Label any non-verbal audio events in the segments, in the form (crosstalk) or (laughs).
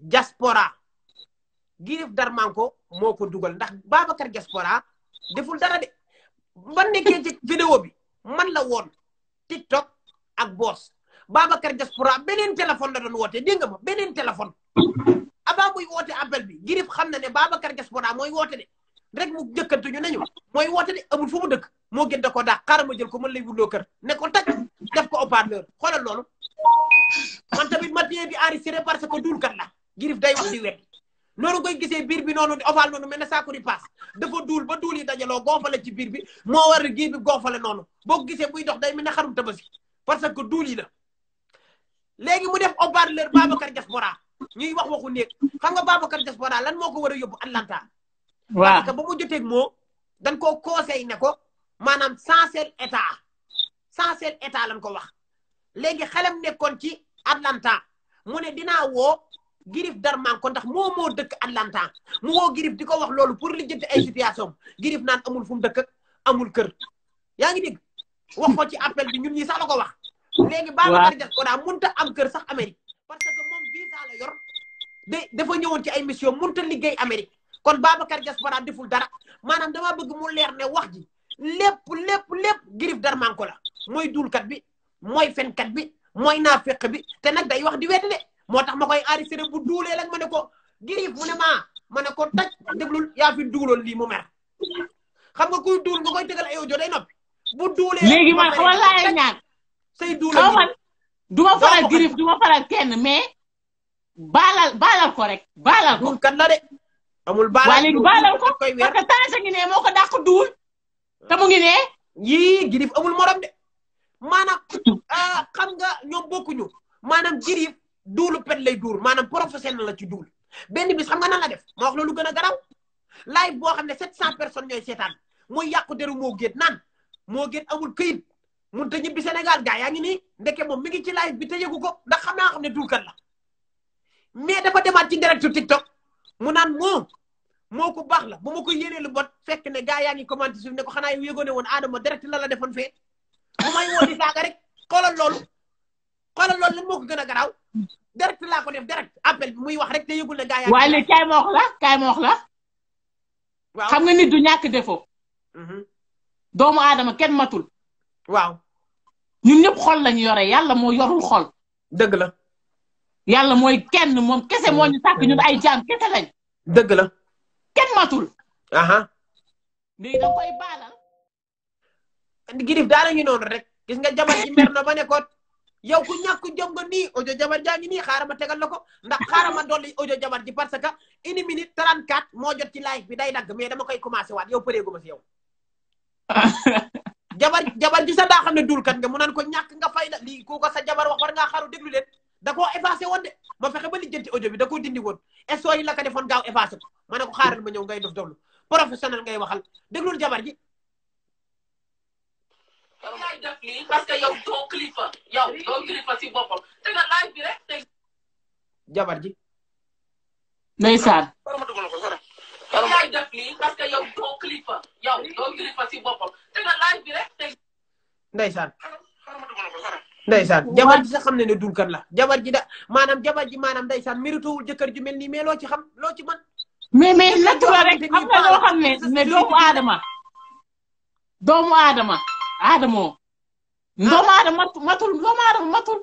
diaspora gi def Darmanko moo ko dugal ndax Babacar diaspora deful dara de ba nekkee ci vidéo bi man la woon TikTok ak boos Babacar diaspora beneen téléphone la doon woote dégg nga ma beneen téléphone avant muy woote appel bi girif xam na ne baaba Babacar diaspora mooy woote de rek mu jëkkantu ñu nañu mooy woote de amul fu mu dëkk moo gën da ko daa xaaral ma jël ko mën lay wutloo kër ne ko takk def ko haut-parleur xoolal loolu man tamit ma téye di enregistré parce que duulkat girif day wax di wet noonu koy gisee biir bi noonu oval noonu mel ne saako di paas dafa duul ba duul yi dajaloo gonfale ci biir bi moo war gir bi noonu boo gisee buy dox day mel ne xarum tabaski parce que duul yi la léegi mu def haut-parleur Babacar Diaspora ñuy wax waxu néeg xam nga Babacar Diaspora lan moo ko war a yóbbu Atlanta waaw parce que ba mu joteeg moo dañ koo conseil ne ko maanaam chancel état chancel état lañ ko wax léegi xelam nekkoon ci Atlanta mu ne dinaa woo girif darman ko ndax moo moo dëkk Atlanta mu woo girif di ko wax loolu pour li jënd ay situation girif naan amul fu mu dëkk amul kër yaa ngi dégg wax ko ci appel di ñun ñi sax la ko wax léegi Babacar Diagne ko daa mënta am kër sax Amérique parce que moom visa la yor da dafa ñëwoon ci ay mission mënta liggéey Amérique kon Babacar Diaspora deful dara maanaam damaa bëgg mu leer ne wax ji lépp lépp lépp girif darmanko la mooy duulkat bi mooy fenkat bi mooy naafeq bi te nag day wax di wedd de moo tax ma koy enregistré bu duulee rek ma ne ko girif mu ma ne ko taj déglul yaa fi duuloon lii mu mer xam nga kuy duul nga koy tegal ay audio day noppi bu duulee léegi man xamal laa lay ñaan say duule man du ma faral girif du ma faral kenn mais baalal baalal ko rek baalal ko kan la de amul baalal waa léegi baalal ko parce que tànsa ngi ne moo ko dàq duul te mu ngi ne yii girif amul morom de maanaam (coughs) ah, xam nga ñoom bokkuñu maanaam girif duulu pet lay duul maanaam professionnel la ci duul benn bis xam nga nan la def ma wax la lu gën a garaw live boo xam ne 700 personnes ñooy seetaan muy yàqu deru moo géet naan moo géet amul këyit mun ta ñibbi Sénégal gaa yaa ni nii ndeke moom mi ngi ci live bi te yëgu ko ndax xam xam ne duulkat la mais dafa demaat ci directu TikTok mu naan moo moo ko baax la bu ma ko yéenee lu bot fekk ne gaa yaa ngi commenté ne ko xanaa yow yëgoone woon Adama direct la la defoon fee bu may rek xoolal loolu moo ko gën a garaaw direct laa ko def direct appel muy wax rek te yëgul ne gaa yaa waaye léegi kaay ma wax la xam nga nit du ñàkk défaut mhm. doomu aadama kenn matul waaw ñun ñëpp xol lañu yore yàlla moo yorul xol dëgg la yàlla mooy kenn moom kese moo ñu sàkk ñun ay jaam kese lañ dëgg la kenn matul aha léegi da koy baalal girif daanañu noonu rek gis nga jabar ji mer na ba nekkoon yow ku ñàkk jom nga nii audio jabar jaa ngi nii xaaral ma tegal la ko ndax xaaral ma dolli audio jabar ji parce que une minute 34 moo jot ci live bi day dagg mais dama koy commencé waat yow pareegu ma si yow. (laughs) jabar ji sa daa xam ne dul kat nga mu naan ko ñàkk nga fay la lii ku ko sa jabar wax war ngaa xaru déglu leen da koo effacé woon de ma fexe ba lijjanti audio bi da koo dindi woon esto yi la ko defoon gaaw effacé ko ma ne ko xaaral ma ñëw ngay dof doflu professionnel ngay waxal déglul jabar ji. yow yaay que yow doo yow doo kilifa si boppam ji. ndeysaan. yaay def lii que yow doo kilifa yow doo kilifa si boppam te ji sax xam ne ne dul la jabar ji da maanaam jabar ji maanaam ndeysaan méritowul jëkkër ji mel nii mais loo ci xam loo ci mën. mais mais naturel rek xam doomu aadama. doomu aadama aadamoo. Ah. doomu aadama matul doomu aadama matul.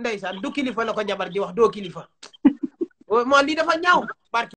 ndeysaan du kilifa la ko jabar ji wax doo kilifa. (laughs) moo lii dafa ñaaw barki